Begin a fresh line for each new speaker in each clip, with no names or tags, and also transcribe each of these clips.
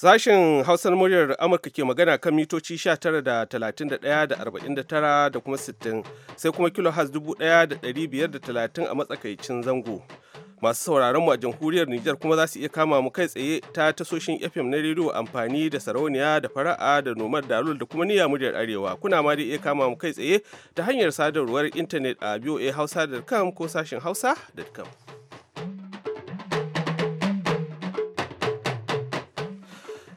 Sashen Hausar muryar Amurka ke magana kan mitoci 19 da 31 da 49 da kuma 60 sai kuma kilo has 1530 a matsakaicin zango. Masu sauraron mu a jamhuriyar Nijar kuma za su iya kama mu kai tsaye ta tasoshin FM na rediyo amfani da sarauniya da fara'a da nomar dalul da kuma niyya muryar arewa. Kuna ma da iya kama mu kai tsaye ta hanyar sadarwar intanet a voahausa.com ko sashen hausa.com.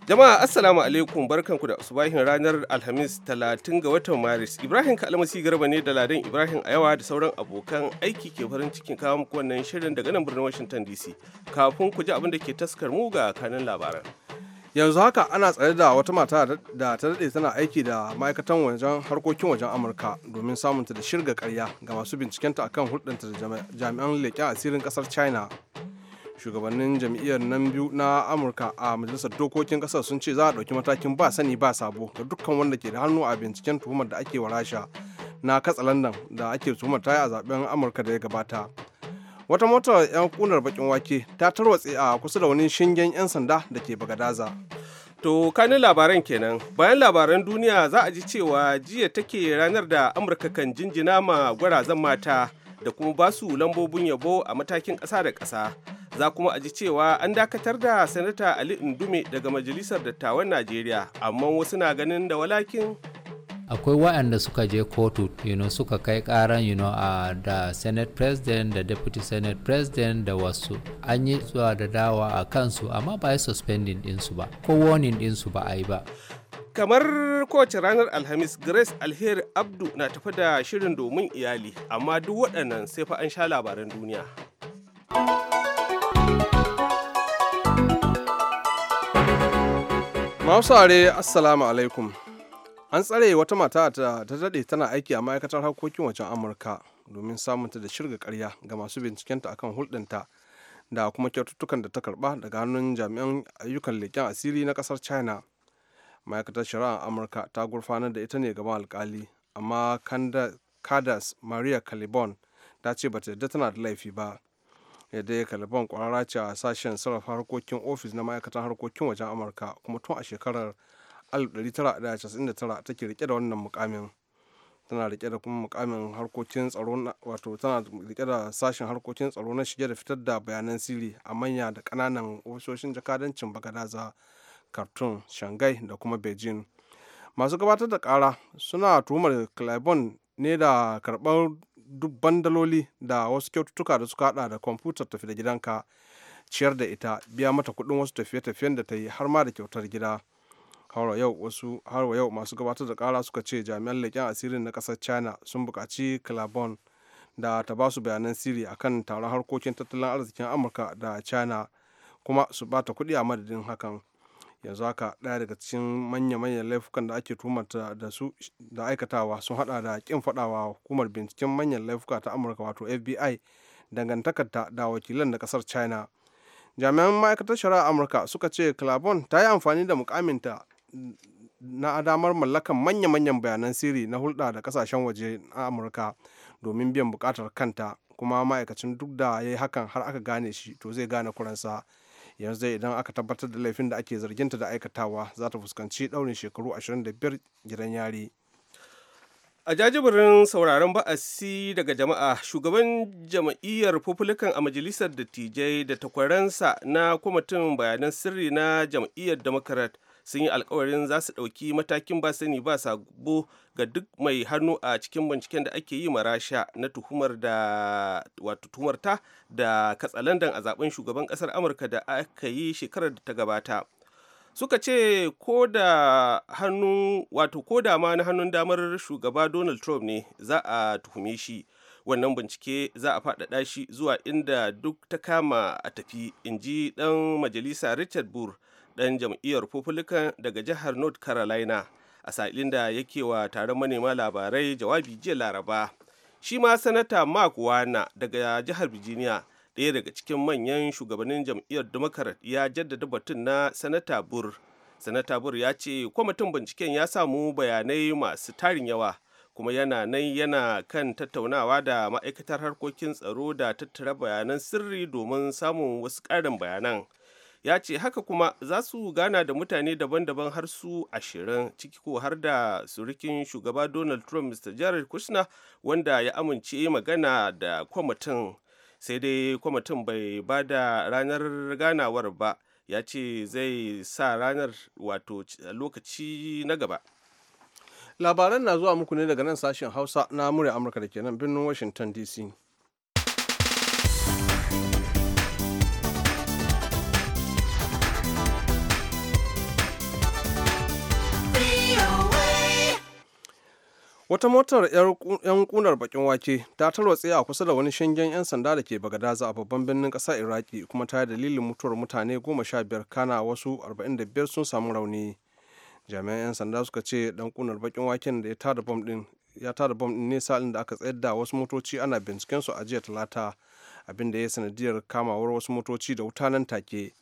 Jama'a Assalamu alaikum barkanku da subahin ranar Alhamis 30 ga watan Maris. Ibrahim Kalmasi Garba ne da Ladan Ibrahim ayawa da sauran abokan aiki ke farin cikin kawo muku wannan shirin daga nan birnin Washington DC. Kafin ku ji abin da ke taskar mu ga kanin labaran.
Yanzu haka ana tsare da wata mata da ta daɗe tana aiki da ma'aikatan wajen harkokin wajen Amurka domin samunta da shirga karya ga masu bincikenta akan hulɗanta da jami'an leƙen asirin ƙasar China shugabannin jam'iyyar nan biyu na amurka a majalisar dokokin kasar sun ce za a ɗauki matakin ba sani ba sabo da dukkan wanda ke da hannu a binciken tuhumar da ake wa rasha na katsalandan da ake tuhumar ta yi a zaben amurka da ya gabata wata motar 'yan kunar bakin wake ta tarwatse a
kusa da wani shingen 'yan sanda da ke bagadaza To kanin labaran kenan bayan labaran duniya za a ji cewa jiya take ranar da amurka kan jinjina ma gwarazan mata da kuma ba su lambobin yabo a matakin ƙasa da ƙasa za kuma a ji cewa an dakatar da sanata ali indume daga majalisar dattawan najeriya amma wasu na ganin da walakin
akwai waɗanda suka je kotu you know, suka kai ƙaran you know, uh, da senate president da deputy senate president da wasu an yi zuwa da dawa a kansu amma ba yi suspending ɗinsu ba ko warning ɗinsu ba a yi ba Kamar
kowace ranar Alhamis, Grace Alheri Abdu na tafi da shirin domin iyali, amma duk waɗannan sai fa an sha labaran duniya.
Mausare, Assalamu alaikum. An tsare wata mata ta daɗe tana aiki a ma'aikatar harkokin wajen Amurka domin samunta da shirga karya ga masu bincikenta akan hulɗinta da kuma kyaututtukan da ta karɓa daga hannun jami'an ayyukan leƙen asiri na ƙasar China. ma'aikatar shari'ar amurka ta gurfanar da ita ne gaban alkali amma kadas maria calibon ta ce bata yadda tana da laifi ba yadda ya calibon kwararra ce a sashen sarrafa harkokin ofis na ma'aikatar harkokin wajen amurka kuma tun a shekarar 1999 take rike da wannan mukamin tana rike da kuma mukamin harkokin tsaro na wato tana rike da sashen harkokin tsaro na shige da fitar da bayanan sirri a manya da kananan ofisoshin jakadancin bagadaza khartoum shanghai da kuma beijing masu gabatar da kara suna tuhumar claiborne ne da karbar dubban daloli da wasu kyaututtuka da suka hada da kwamfutar tafi da gidanka ciyar da ita biya mata kuɗin wasu tafiye-tafiyen da ta yi har ma da kyautar gida har yau wasu har yau masu gabatar da kara suka ce jami'an leƙen asirin na ƙasar china sun buƙaci claiborne da ta ba su bayanan sirri akan taron harkokin tattalin arzikin amurka da china kuma su bata kuɗi a madadin hakan yanzu haka ɗaya daga cikin manya-manyan laifukan da ake tumarta da su da aikatawa sun hada da kin fadawa hukumar binciken manyan laifuka ta amurka wato fbi dangantakarta da wakilan da kasar china jami'an ma'aikatar shari'a amurka suka ce clabon ta yi amfani da mukaminta na adamar mallakan manya-manyan bayanan sirri na hulɗa da kasashen waje na amurka domin biyan bukatar kanta kuma ma'aikacin duk da ya yi hakan har aka gane shi to zai gane kuransa yanzu idan aka tabbatar da laifin da ake zarginta da aikatawa za ta fuskanci daurin shekaru 25
gidan yari a jajibirin sauraron ba'asi daga jama'a shugaban jama'iyyar republican a majalisar dattijai da takwaransa na kwamitin bayanan sirri na jam'iyyar democrat sun yi alkawarin za su ɗauki matakin ba sani ba sabo ga duk mai hannu a cikin binciken da ake yi marasha na tuhumar da wato tuhumar ta da katsalandan a zaben shugaban kasar amurka da aka yi shekarar da ta gabata suka ce ko da hannu wato ko da ma na hannun damar shugaba donald trump ne za a tuhume shi wannan bincike za a faɗaɗa shi zuwa inda duk ta kama a tafi inji ji ɗan majalisa richard burr dan jam'iyyar Republican daga jihar North Carolina a sa'ilin da yake wa taron manema labarai jawabi jiya Laraba. Shi ma Sanata Mark Warner daga jihar Virginia ɗaya daga cikin manyan shugabannin jam'iyyar Democrat ya jaddada batun na Sanata Burr. Sanata Burr ya ce kwamitin binciken ya samu bayanai masu tarin yawa kuma yana nan yana kan tattaunawa da ma'aikatar harkokin tsaro da tattara bayanan sirri domin samun wasu ƙarin bayanan. ya ce haka kuma za su gana da mutane daban-daban har su ashirin ciki ko har da surikin shugaba donald trump mr jared kushner wanda ya amince magana da kwamitin sai dai kwamitin bai ba da ranar ganawar ba ya ce zai sa ranar wato lokaci na gaba
labaran na zuwa muku ne daga nan sashen hausa na murya amurka da ke nan birnin washington dc wata motar 'yan kunar bakin wake ta tarwatse a kusa da wani shingen 'yan sanda da ke bagadaza a babban birnin kasa iraki kuma ta yi dalilin mutuwar mutane goma sha biyar kana wasu 45 sun samu rauni jami'an 'yan sanda suka ce dan kunar bakin waken da ya tada bom din ya tada bom din ne sa'in da aka tsayar da wasu motoci ana binciken su a jiya talata abinda da ya sanadiyar kamawar wasu motoci da wuta nan take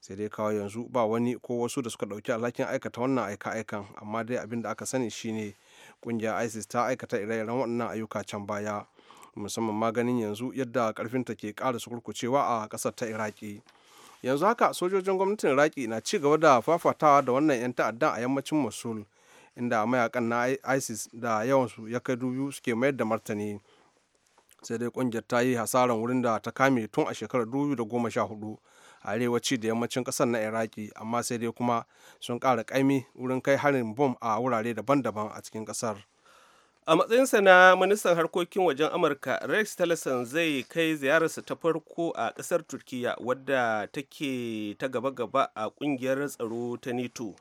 sai dai kawo yanzu ba wani ko wasu da suka ɗauki alhakin aikata wannan aika-aikan amma dai abin da aka sani shine ne ƙungiyar isis ta aikata ire-iren waɗannan ayyuka can baya musamman maganin yanzu yadda ƙarfinta ke ƙara sukurkucewa a ƙasar ta iraki yanzu haka sojojin gwamnatin iraki na ci gaba da fafatawa da wannan 'yan ta'addan a yammacin mosul inda mayakan na isis da yawansu ya kai dubu suke mayar da martani sai dai kungiyar ta yi hasaran wurin da ta kame tun a shekarar 2014 a arewaci da yammacin kasar na iraki amma sai dai kuma sun ƙara ƙaimi wurin kai harin bom a wurare daban-daban a cikin kasar.
a matsayinsa na ministan harkokin wajen amurka rex tillerson zai kai ziyararsa ta farko a kasar turkiya wadda take ta gaba-gaba a kungiyar tsaro ta nato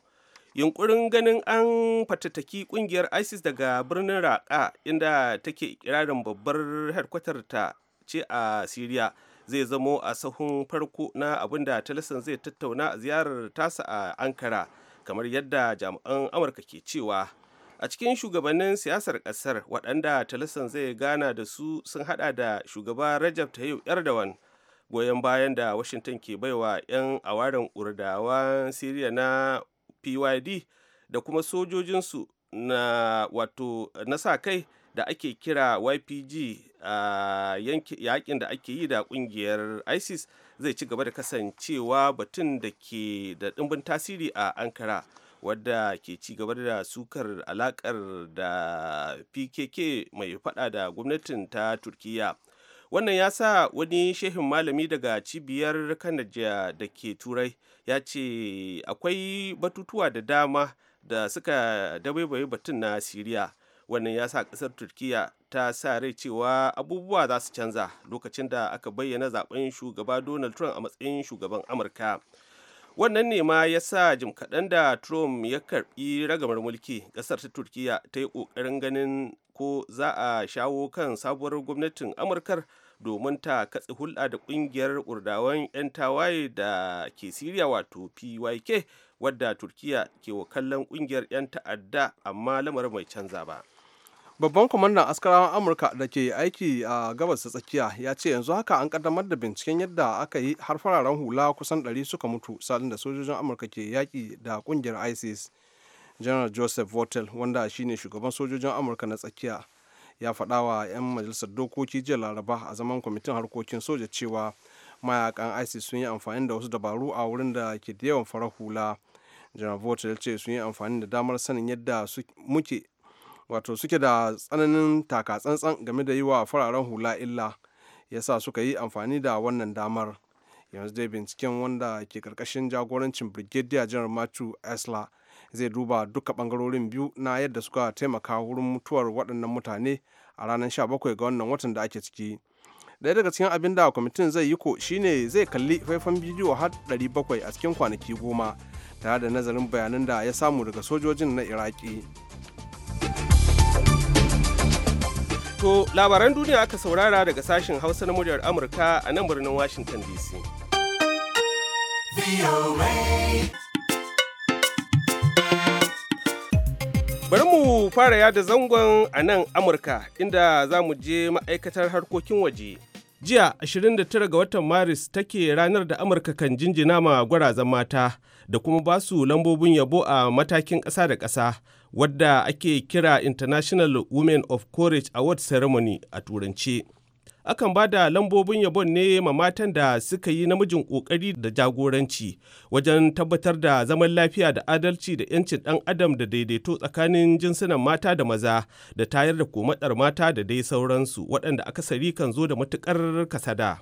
yunkurin ganin an fatattaki kungiyar isis daga birnin raqqa inda take kirarin babbar headquarter ta ce a syria zai zamo a sahun farko na abin da talisan zai tattauna a ziyarar tasa a ankara kamar yadda jami'an amurka ke cewa a cikin shugabannin siyasar kasar waɗanda talisan zai gana da su sun hada da shugaba rajab tayyip erdogan goyon bayan da washington ke baiwa 'yan awarin urdawan siriya na pyd da kuma sojojinsu na wato na sa kai da ake kira ypg a yakin da ake yi da kungiyar isis zai ci gaba da kasancewa batun da ke da ɗimbin tasiri a ankara wadda ke ci gaba da sukar alakar da pkk mai fada da gwamnatin ta turkiyya. wannan ya sa wani shehin malami daga cibiyar kanaja da ke turai ya ce akwai batutuwa da dama da suka dabaibaye batun na siriya wannan ya sa kasar turkiya ta sa rai cewa abubuwa za su canza lokacin da aka bayyana zaben shugaba donald trump a matsayin shugaban amurka wannan ne ma ya sa jim kaɗan da trump ya karɓi ragamar mulki ƙasar ta turkiya ta yi ƙoƙarin ganin ko za a shawo kan sabuwar gwamnatin amurkar domin ta katse hulɗa da ƙungiyar ƙurdawan 'yan tawaye da ke siriya wato pyk wadda turkiya ke wa kallon ƙungiyar 'yan ta'adda amma lamarin mai canza ba
babban kwamandan askarawan amurka da ke aiki a gabas ta tsakiya ya ce yanzu haka an kaddamar da binciken yadda aka yi har fararen hula kusan 100 suka mutu sadin da sojojin amurka ke yaƙi da ƙungiyar isis general joseph wattel wanda shine shugaban sojojin amurka na tsakiya ya faɗa wa 'yan majalisar dokoki jiya laraba a zaman kwamitin harkokin soja cewa mayakan isis sun yi amfani da wasu dabaru a wurin da ke da yawan fara hula general wattel ce sun yi amfani da damar sanin yadda muke wato suke da tsananin taka takatsantsan game da yi wa fararen hula illa ya sa suka yi amfani da wannan damar yanzu dai binciken wanda ke karkashin jagorancin brigadier general matthew esler zai duba duka bangarorin biyu na yadda suka taimaka wurin mutuwar waɗannan mutane a ranar 17 ga wannan watan da ake ciki Ɗaya daga cikin abin da kwamitin zai yi ko shine zai kalli faifan bidiyo har 700 a cikin kwanaki goma tare da nazarin bayanan da ya samu daga sojojin na iraki
to labaran duniya aka saurara daga sashen hausa na muryar amurka a nan birnin washington dc Bari mu fara yada zangon a nan Amurka inda za mu je ma'aikatar harkokin waje. Jiya 29 ga watan Maris take ranar da Amurka kan jinjina ma gwarazan mata da kuma ba su lambobin yabo a matakin ƙasa da ƙasa wadda ake kira International Women of Courage Award Ceremony a Turanci. akan ba da lambobin yabon ne ma matan da suka yi namijin ƙoƙari da jagoranci wajen tabbatar da zaman lafiya da adalci da 'yancin ɗan adam da daidaito tsakanin jinsunan mata da maza da tayar da komatsar mata da dai sauransu waɗanda akasari kan zo da matukar kasada.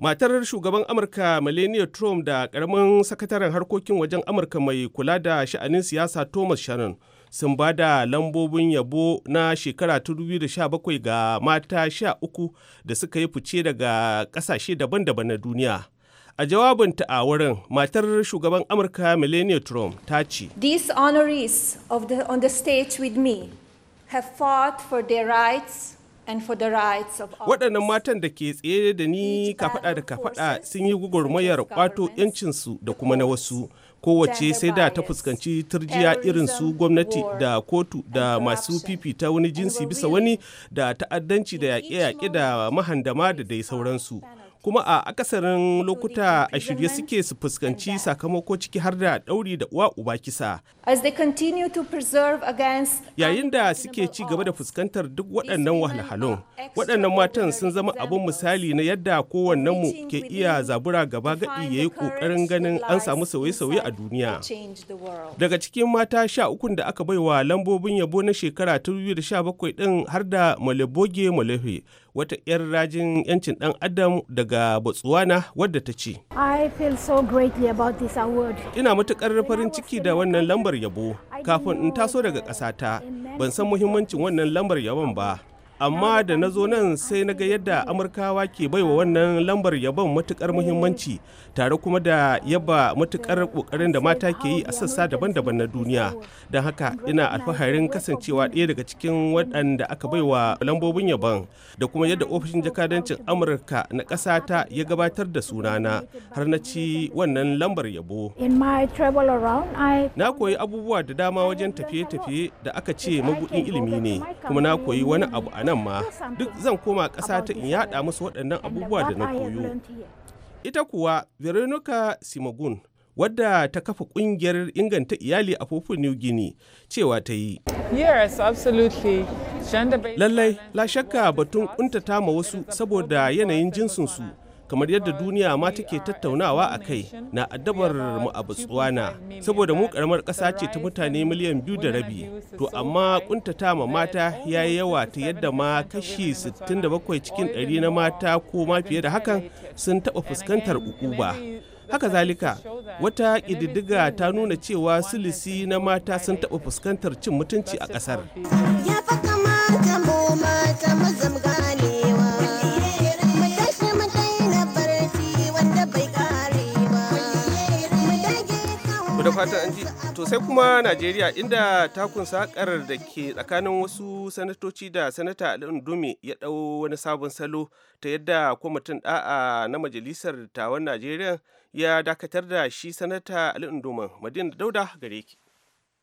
Matar shugaban Amurka Melania Trump da ƙaramin sakataren harkokin wajen Amurka mai kula da sha'anin siyasa Thomas Shannon sun ba da lambobin yabo na shekara 2017 ga mata 13 da suka yi fice daga ƙasashe daban-daban na duniya. A jawabinta a wurin matar shugaban Amurka Melania Trump ta ce,
These honorees of the, on the stage with me have fought for their rights and for the rights of Waɗannan
matan da ke tsaye da ni kafaɗa da kafaɗa sun yi gugurmayar ƙwato 'yancinsu da kuma na wasu. kowace sai da ta fuskanci turjiya irin su gwamnati da kotu da masu fifita wani jinsi bisa wani da ta'addanci da yaƙe-yaƙe da mahandama da dai sauransu. kuma a akasarin lokuta a shirye suke su fuskanci sakamako ciki har da dauri da uwa uba kisa. Yayin da suke ci gaba da fuskantar duk waɗannan wahalhalun, waɗannan matan sun zama abin misali na yadda kowannenmu ke iya zabura gaba gaɗi ya yi ƙoƙarin ganin an samu sauye-sauye a duniya. Daga cikin mata sha ukun da aka baiwa lambobin yabo na shekara ta 2017 ɗin har da Maleboge Malefe wata 'yar rajin 'yancin ɗan adam daga Botswana wadda ta ce. Ina matuƙar farin ciki da wannan lambar yabo kafin in taso daga ƙasata ban san muhimmancin wannan lambar yabon ba. amma da na zo nan sai na ga yadda amurkawa ke baiwa wannan lambar yabon matukar muhimmanci tare kuma da yaba matukar kokarin da mata ke yi a sassa daban-daban na duniya don haka ina alfaharin kasancewa ɗaya daga cikin waɗanda aka baiwa lambobin yaban da kuma yadda ofishin jakadancin amurka na ƙasa ta ya gabatar da sunana har na ci wannan lambar yabo na koyi abubuwa da dama wajen tafiye-tafiye da aka ce mabuɗin ilimi ne kuma na koyi wani abu a nan ma duk zan koma ƙasa ta in yaɗa musu waɗannan abubuwa da na koyo Ita kuwa Veronica Simogun wadda ta kafa kungiyar inganta iyali a fofin New Guinea cewa ta yi.
Yes, absolutely.
Lallai, la shakka batun kuntata ma wasu saboda yanayin jinsinsu kamar yadda duniya ma take tattaunawa a kai na addabar mu a botswana saboda mu karamar ƙasa ce ta mutane miliyan biyu da rabi to amma kuntata ma mata ya yi yawa ta yadda ma kashi 67 cikin ɗari na mata ko ma fiye da hakan sun taɓa fuskantar ukuba haka zalika wata ƙididdiga ta nuna cewa silisi na mata sun taɓa fuskantar cin mutunci a ƙasar. da fatan an ji to sai kuma najeriya inda takun sakar da ke tsakanin wasu sanatoci da sanata al'undumi ya dau wani sabon salo ta yadda kwamitin da'a na majalisar tawon najeriya ya dakatar da shi sanata al'unduman madina dauda gare ki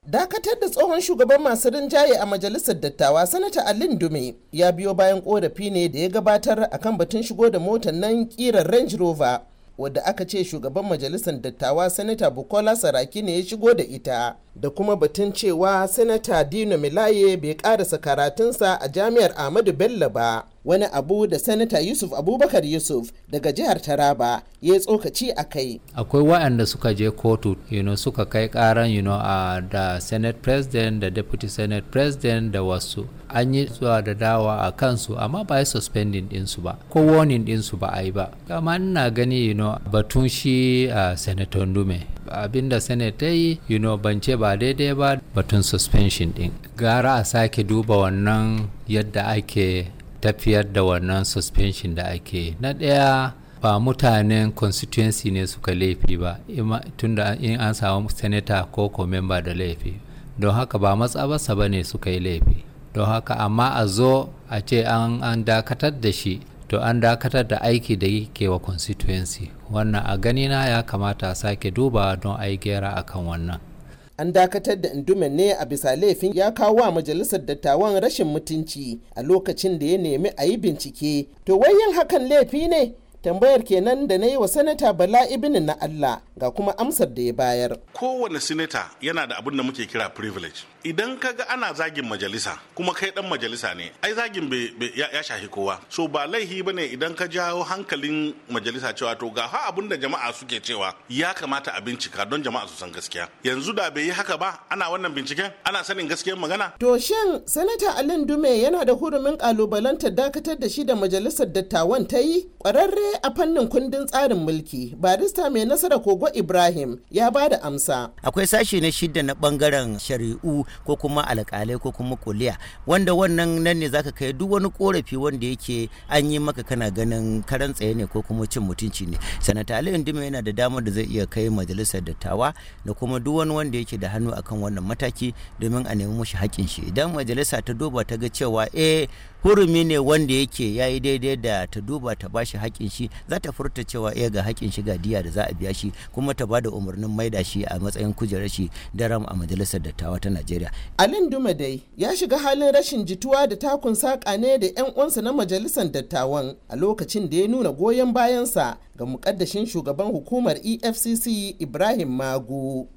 dakatar da tsohon shugaban masu rinjaye a majalisar dattawa sanata alin dume ya biyo bayan korafi ne da ya gabatar akan batun shigo da motar nan kiran range rover wadda aka ce shugaban majalisar dattawa sanata bukola saraki ne ya shigo da ita da kuma batun cewa sanata dino milaye bai karasa karatunsa a jami'ar ahmadu bello ba wani abu da sanata yusuf abubakar yusuf daga jihar taraba ya tsokaci a kai
akwai wa'anda suka je kotu you know, suka kai karan you know, uh, da senate president da deputy senate president da wasu an yi zuwa da dawa a kansu amma ba yi suspending dinsu ba ko warning dinsu ba a yi ba amma ina gani you know, batun shi uh, senator ndume abin da senate ta yi you know ban ba daidai ba batun suspension din gara a sake duba wannan yadda ake tafiyar da wannan suspension da ake na ɗaya ba mutanen constituency ne suka laifi ba tunda in an samu senator ko ko member da laifi don haka ba matsabarsa ba ne suka yi laifi don haka amma a zo a ce an dakatar da shi to an dakatar da aiki da yake wa constituency wannan a ganina ya kamata a sake duba don a yi gera akan wannan
an dakatar da induman ne a bisa laifin ya kawo wa majalisar dattawan rashin mutunci a lokacin da ya nemi a yi bincike to wai yin hakan laifi ne tambayar kenan da na yi wa sanata bala ibini na allah ga kuma amsar da ya bayar
kowane sinata yana da abin da muke kira privilege idan ka ga ana zagin majalisa kuma kai dan majalisa ne ai zagin ya shahi kowa so ba laihi ba ne idan ka jawo hankalin majalisa cewa to ga ha abin da jama'a suke cewa ya kamata a bincika don jama'a su san gaskiya yanzu da bai yi haka ba ana wannan binciken ana sanin gaskiyar magana
to shin sanata alin dume yana da hurumin kalubalantar dakatar da shi da majalisar dattawan ta yi kwararre kwararre a fannin kundin tsarin mulki barista mai nasara kogo
ibrahim ya ba da amsa akwai sashi na shida na bangaren shari'u ko kuma alkalai ko kuma kuliya wanda wannan nan ne zaka kai duk wani korafi wanda yake an yi maka kana ganin karan tsaye ne ko kuma cin mutunci ne sanata ali indima yana da damar da zai iya kai majalisar dattawa da kuma duk wani wanda yake da hannu akan wannan mataki domin a nemi mashi haƙƙin shi idan majalisa ta duba ta ga cewa eh hurumi ne wanda yake ya yi daidai da ta duba ta ba shi haƙin shi za ta furta cewa ya eh, ga haƙin shi ga diya da za a biya shi kuma ta ba da umarnin maida shi a matsayin kujerar shi daram a majalisar dattawa ta najeriya
alin dume dai ya shiga halin rashin jituwa da takun saƙa ne da yan uwansa na majalisar dattawan a lokacin da ya nuna goyon bayansa ga muƙaddashin shugaban hukumar efcc ibrahim magu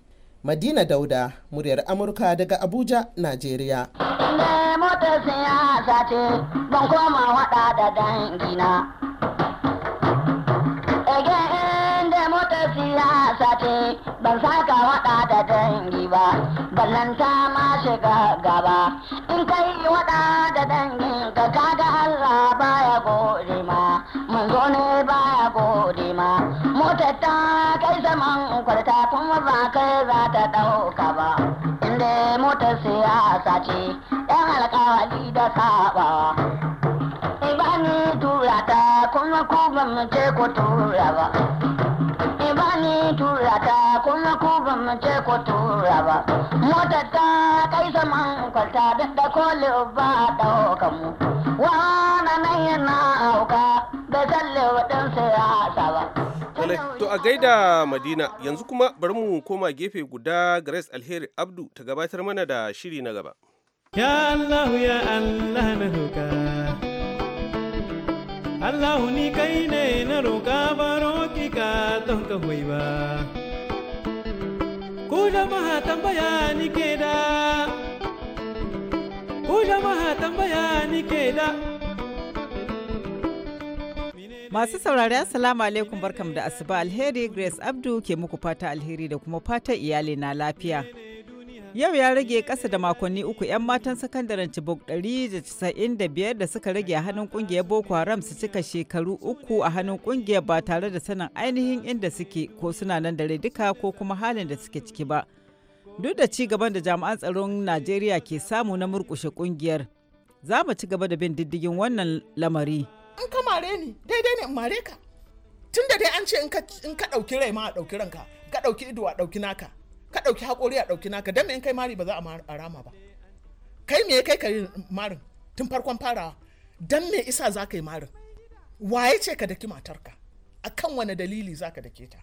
Madina Dauda, muryar Amurka daga Abuja, Najeriya.
Ne motar siyasa ce, ban koma wada da dangina.
siyasa ce, ban saka wada da dangi ba, ballanta ma shiga gaba. In kai wada da dangi ka kaga Allah baya gode ma, manzo ne baya gode ma. man kwalta tun ba kai za ta ɗauka ba inda motar siyasa
ce yan alkawari da in ibani tura turata kuma ku ba mu ce ku tura ba ibani tura turata kuma ku ba mu ce ku tura ba motar ta kai saman
kwalta duk da koli ba ɗaukan mu na nan yana auka
da tsalle waɗansu
to a gaida madina yanzu kuma bari mu koma gefe guda grace alheri abdu ta gabatar mana da shiri na gaba ya allah ya allah na roka
allah ni kai ne na roka baro ki ka don ka hoyi ba ku jama'a tambaya ni ke da ku jama'a tambaya ni ke da Masu saurari Assalamu alaikum barkam da asuba alheri Grace Abdu ke muku fata alheri da kuma fata iyali na lafiya. Yau ya rage kasa da makonni uku 'yan matan sakandaren Chibok 195 da suka rage a hannun kungiyar Boko Haram su cika shekaru uku a hannun kungiyar ba tare da sanin ainihin inda suke ko suna nan dare duka ko kuma halin da suke ciki ba. Duk da ci gaban da jami'an tsaron Najeriya ke samu na murkushe kungiyar za mu ci gaba da bin diddigin wannan lamari.
mare ni daidai ne in mare ka tun da dai an ce in ka ɗauki rai ma a ɗauki ranka ka ɗauki ido a ɗauki naka ka ɗauki haƙori a ɗauki naka dan in kai mari ba za a rama ba kai me kai ka yi marin tun farkon farawa dan me isa za ka yi marin waye ce ka daki matarka akan wani dalili za ka dake ta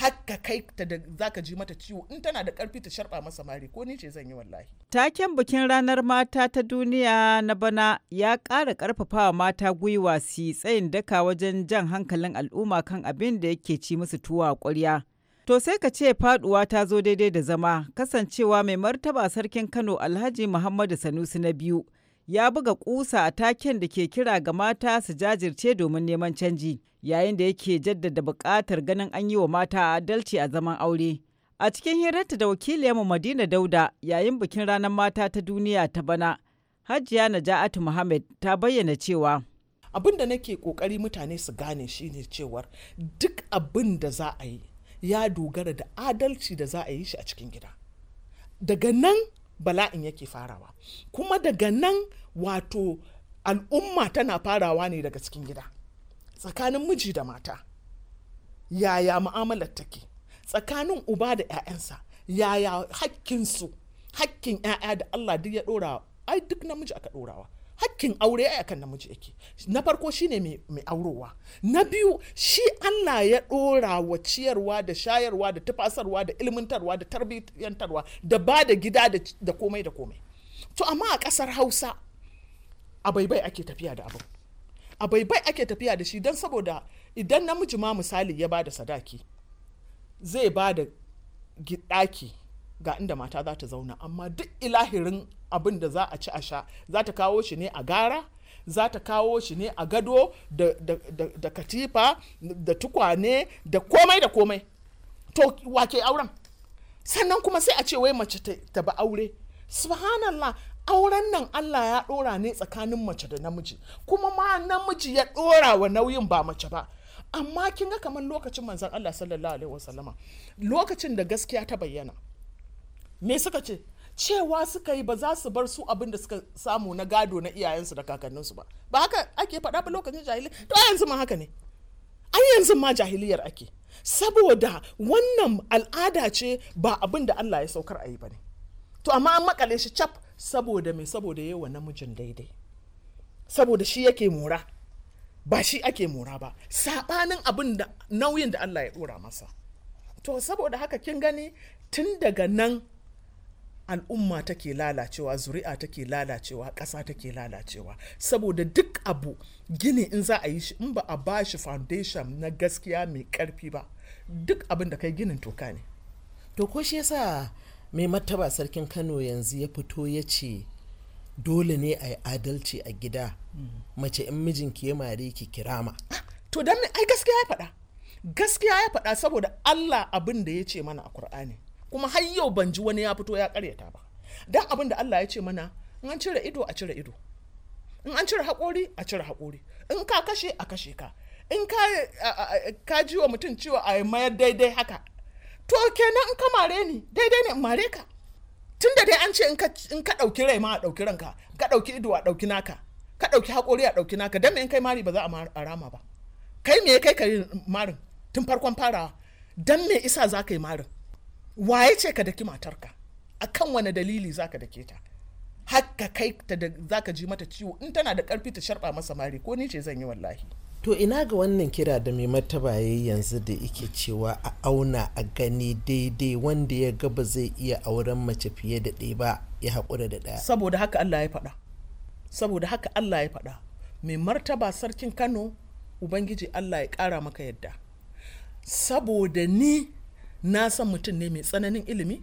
hakka kai ta da zaka ji mata ciwo in tana da karfi ta sharba masa mare ko ni ce zan yi wallahi
taken bikin ranar mata ta duniya na bana ya ƙara ƙarfafawa mata gwiwa su tsayin daka wajen jan hankalin al'umma kan abin da yake ci musu tuwa ƙwarya To sai ka ce faduwa ta zo daidai da zama kasancewa mai martaba sarkin Kano Alhaji Muhammadu Sanusi na biyu ya buga kusa a taken da ke kira ga mata su jajirce domin neman canji yayin da yake jaddada buƙatar ganin an yi wa mata adalci a zaman aure. A cikin hirarta da wakiliyarmu Madina Dauda yayin bikin ranar mata ta duniya ta bana, Hajiya Naja'atu Muhammad ta bayyana cewa. Abin da nake ƙoƙari mutane su gane shine cewar duk abin da za a yi ya dogara
da adalci da za a yi shi a cikin gida. Daga nan bala'in yake farawa kuma daga nan wato al'umma tana farawa ne daga cikin gida tsakanin miji da mata yaya mu'amalar take tsakanin uba da 'ya'yansa yaya hakkinsu hakkin 'ya'ya da allah duk ya ɗora ai duk namiji aka ɗorawa hakkin aure a akan namiji yake na farko shine mai aurowa na biyu shi Allah ya dora wa ciyarwa da shayarwa da tafasarwa da ilmintarwa da tarbiyyantarwa da ba da gida da komai da komai to amma a kasar Hausa a baibai ake tafiya da abu a baibai ake tafiya da shi don saboda idan namiji ma misali ya ba da sadaki zai ba da gidaki ga inda mata za ta zauna amma duk ilahirin abin da za a ci a sha za ta kawo shi ne a gara za ta kawo shi ne a gado da, katifa da tukwane da komai da komai to wake auren sannan kuma sai a ce wai mace ta ba aure subhanallah auren nan Allah ya dora ne tsakanin mace da namiji kuma ma namiji ya ɗora wa nauyin ba mace ba amma kin ga kamar lokacin manzon Allah sallallahu alaihi wasallama lokacin da gaskiya ta bayyana me suka ce cewa suka yi ba za su bar su abin da suka samu na gado na iyayensu da kakanninsu ba ba haka ake faɗa ba lokacin jahiliya to yanzu ma haka ne an yanzu ma jahiliyar ake saboda wannan al'ada ce ba abin da Allah ya saukar a yi ba ne to amma an makale shi cap saboda mai saboda yawa namijin daidai saboda shi yake mora ba shi ake mora ba sabanin abin da nauyin da Allah ya dora masa to saboda haka kin gani tun daga nan al'umma take lalacewa zuri'a take lalacewa ƙasa take lalacewa saboda duk abu gini in za a yi shi in ba a ba shi foundation na gaskiya mai karfi ba duk abin da kai ginin toka
ne to ko shi yasa mai mataba sarkin kano yanzu ya fito ya ce dole ne a yi adalci a gida mace in mijinki ya mare ki kirama to dan ai gaskiya ya faɗa gaskiya ya faɗa saboda allah abin da
ya ce mana a kur'ani kuma har yau ban ji wani ya fito ya karyata ba Don abin da Allah ya ce mana in an cire ido a cire ido in an cire haƙori a cire haƙori in ka kashe a kashe ka in ka ji wa mutum ciwo a mayar daidai haka to kenan in ka mare ni daidai ne in mare ka tun da dai an ce in ka ɗauki rai ma a ɗauki ranka ka ɗauki ido a ɗauki naka ka ɗauki haƙori a ɗauki naka dan in kai mari ba za a rama ba kai me kai ka yi marin tun farkon farawa dan me isa za ka yi marin waye ce ka daki matarka a kan wani dalili za zaka dake ta haka kai ta da zaka ji mata ciwo in tana da karfi ta sharba masa mari ko ni ce zan yi wallahi
to ina ga wannan kira da mai martaba yanzu da yake cewa a auna a gani daidai wanda ya ga ba zai iya auren mace fiye da ɗaya ba ya haƙura da ɗaya
saboda haka Allah ya faɗa saboda haka Allah ya faɗa mai martaba sarkin Kano ubangiji Allah ya ƙara maka yadda saboda ni na san mutum ne mai tsananin ilimi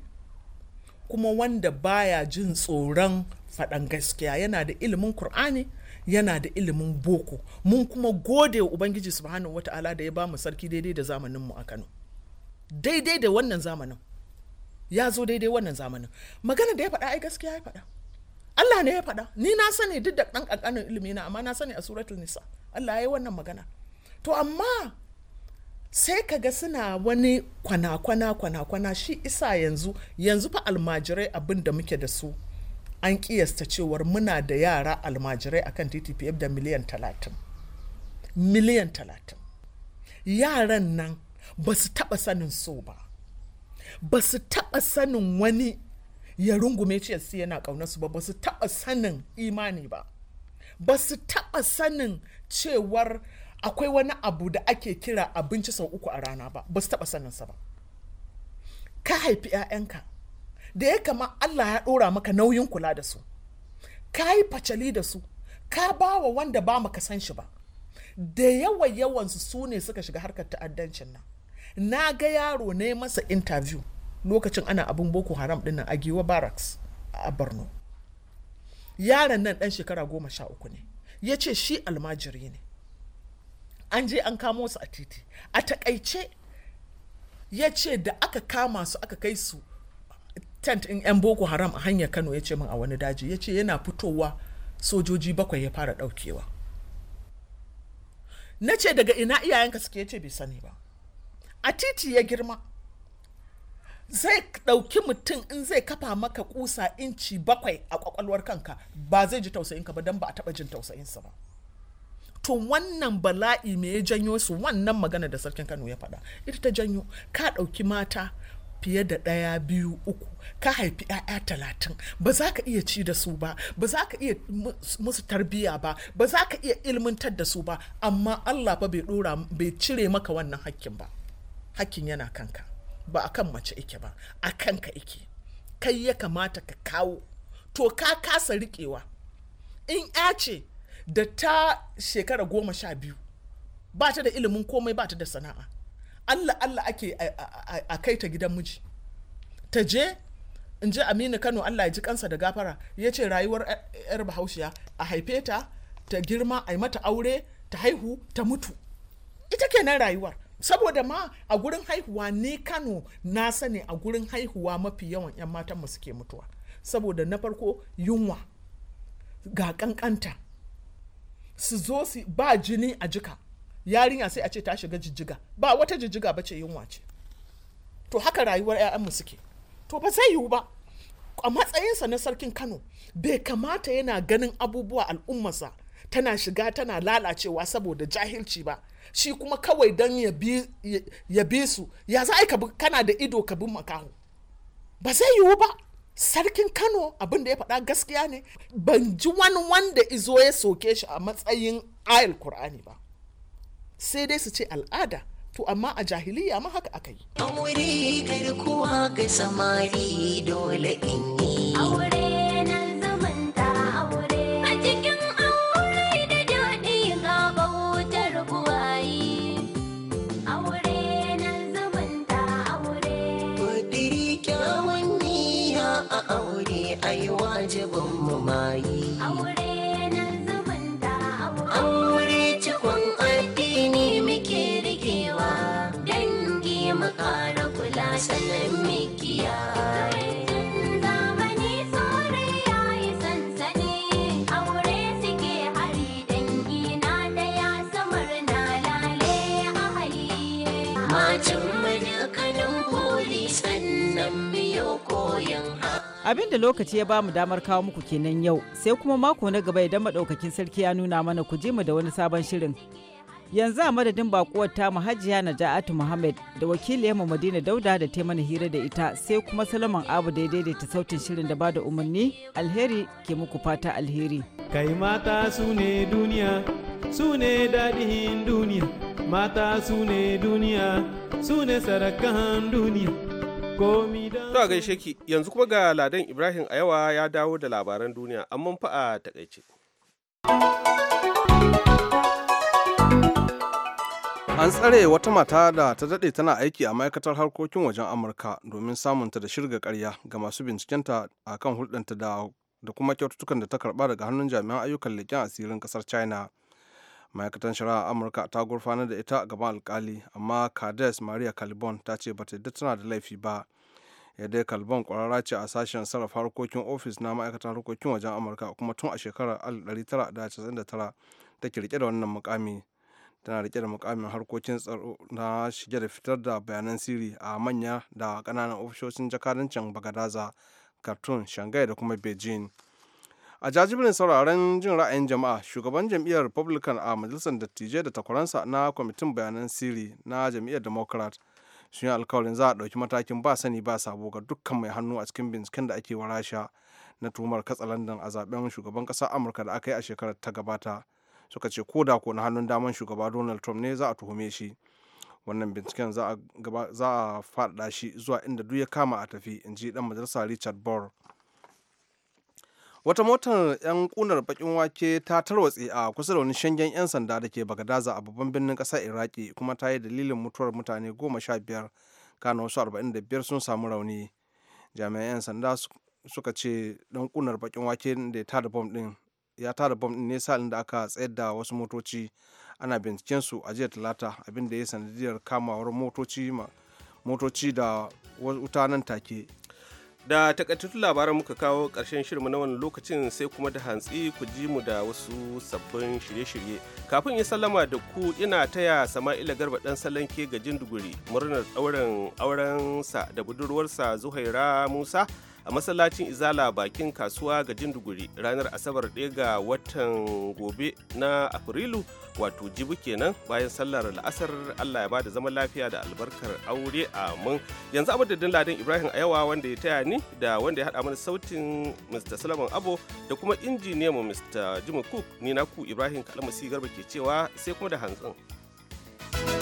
kuma wanda baya jin tsoron faɗan gaskiya yana da ilimin kur'ani yana da ilimin boko mun kuma gode wa ubangiji subhanahu wata'ala da ya ba mu sarki daidai da zamanin mu a kano daidai da wannan zamanin ya zo daidai wannan zamanin magana da ya faɗa ai gaskiya ya faɗa Allah ne ya faɗa ni na sani duk da ɗan ƙanƙanin ilimi na amma na sani a suratul nisa Allah ya yi wannan magana to amma sai ka ga suna wani kwana-kwana kwana-kwana shi isa yanzu yanzu fa almajirai abin da muke da su an kiyasta cewar muna da yara almajirai akan ttpf da miliyan talatin miliyan talatin yaran nan ba su taɓa sanin so ba ba su taɓa sanin wani ya rungume su yana ƙaunarsu ba ba su taɓa sanin imani ba ba su taɓa sanin cewar akwai wani abu da ake kira abinci sau uku a rana ba ba su taɓa saninsa ba ka haifi 'ya'yanka da ya kama Allah ya ɗora maka nauyin kula da su ka yi facali da su ka ba wa wanda ba maka san shi ba da yawa yawansu su ne suka shiga harkar ta'addancin nan na ga yaro na yi masa interview lokacin ana abin boko haram dinnan a giwa barracks a borno yaron nan dan shekara goma sha uku ne ya ce shi almajiri ne an je an kamo su a titi a takaice ya ce da aka kama su aka kai su tent in 'yan boko haram a hanyar kano ya ce min a wani daji ya ce yana fitowa sojoji bakwai ya fara daukewa na ce daga ina iyayenka suke ya ce bai sani ba a titi ya girma zai ɗauki mutum in zai kafa maka kusa inci bakwai a kwakwalwar kanka ba zai ji tausayinka ba don ba a taɓa jin tausayinsa ba to wannan bala'i me ya janyo su wannan magana da sarkin kano ya faɗa ita ta janyo ka ɗauki mata fiye da ɗaya biyu uku ka haifi 'ya'ya talatin ba za ka iya ci da su ba ba za ka iya musu tarbiyya ba ba za ka iya ilmantar da su ba amma allah fa bai dora bai cire maka wannan hakkin ba hakkin yana kanka ba a kan mace ike ba a kanka ike kai ya kamata ka kawo to ka kasa riƙewa in 'ya ce da ta shekara goma sha biyu ba ta da ilimin komai ba ta da sana'a allah allah ake a kai ta gidan miji ta je in ji aminu kano allah ya ji kansa da gafara ya ce rayuwar yar bahaushiya a haife ta ta girma a mata aure ta haihu ta mutu ita kenan rayuwar saboda ma a gurin haihuwa ni kano na sani a gurin haihuwa mafi yawan 'yan matan mu suke mutuwa saboda na farko yunwa ga kankanta su zo su ba jini a jika yarinya sai a ce ta shiga jijjiga ba wata jijjiga ba ce yunwa ce to haka rayuwar 'ya'yanmu suke to ba zai yiwu ba a matsayinsa na sarkin kano bai kamata yana ganin abubuwa al'ummarsa tana shiga tana lalacewa saboda jahilci ba shi kuma kawai don ya bi su ya za kana da ido ka bi makaho ba zai yiwu ba sarkin kano abin da ya faɗa gaskiya ne ban ji wani wanda izo ya soke shi a matsayin ayal kur'ani ba sai dai su ce al'ada to amma a jahiliya ma haka aka yi
aure karkuwa ga samari dole in yi aure Howard.
abin da lokaci ya bamu damar kawo muku kenan yau sai kuma mako na gaba idan madaukakin sarki ya nuna mana ku je mu da wani sabon shirin yanzu a madadin bakuwar ta hajiya ja'atu muhammad da wakiliyarmu madina dauda da ta mana hira da ita sai kuma salaman abu da ya daidaita sautin shirin da bada umarni alheri ke muku fata alheri kai mata su ne duniya su ne dadihin duniya mata su ne duniya su ne sarakan duniya
a gaishe ki yanzu kuma ga Ladan Ibrahim a yawa ya dawo da labaran duniya amma fa a takaice.
An tsare wata mata da ta daɗe tana aiki a ma'aikatar harkokin wajen Amurka domin samunta da shirga karya ga masu bincikenta a kan hulɗanta da kuma kyaututtukan da ta karɓa daga hannun jami'an ayyukan leƙen asirin ƙasar China. ma'aikatan shari'a amurka ta gurfanar da ita gaban alkali amma kades maria calibon ta ce ba ta yadda tana da laifi ba yadda calibon kwararra ce a sashen sarrafa harkokin ofis na ma'aikatan harkokin wajen amurka kuma tun a shekarar 1999 take rike da wannan mukami tana rike da mukamin harkokin tsaro na shige da fitar da bayanan sirri a manya da kananan ofishoshin jakadancin bagadaza khartoum shanghai da kuma beijing a jajibirin sauraren jin ra'ayin jama'a shugaban jam'iyyar republican a majalisar dattijai da takwaransa na kwamitin bayanan sirri na jam'iyyar democrat sun yi alkawarin za a ɗauki matakin ba sani ba sabo ga dukkan mai hannu a cikin binciken da ake warasha rasha na tuhumar katsalandan a zaben shugaban ƙasar amurka da aka yi a shekarar ta gabata suka ce ko da ko na hannun daman shugaba donald trump ne za a tuhume shi wannan binciken za a faɗaɗa shi zuwa inda duk ya kama a tafi in ji dan majalisa richard burr wata motar 'yan kunar bakin wake ta tarwatse a kusa da wani shangen 'yan sanda da ke bagadaza a babban birnin ƙasar iraki kuma ta yi dalilin mutuwar mutane goma sha biyar kana wasu arba'in da biyar sun samu rauni jami'an 'yan sanda suka ce dan kunar bakin wake da ya tada bom din ne sa'in da aka tsayar da wasu motoci ana binciken su a jiya talata abinda ya sanadiyar kamawar motoci motoci da wuta nan take
da takaitattun labaran muka kawo ƙarshen shirinmu na wani lokacin sai kuma da hantsi ku ji mu da wasu sabbin shirye-shirye kafin ya sallama da ku ina taya sama'ila garba ɗan ke gajin duguri murnar auren sa da budurwarsa zuhaira musa a masallacin izala bakin kasuwa ga jinduguri ranar asabar ɗaya ga watan gobe na afrilu wato jibi kenan bayan sallar la'asar allah ya ba da zaman lafiya da albarkar aure amin yanzu abadadin ladin ibrahim ayawa wanda ya taya ni da wanda ya haɗa mana sautin mr salaman abo da kuma injiniya mu mr jimmy cook ni na ku ibrahim kalamasi garba ke cewa sai kuma da hantsin.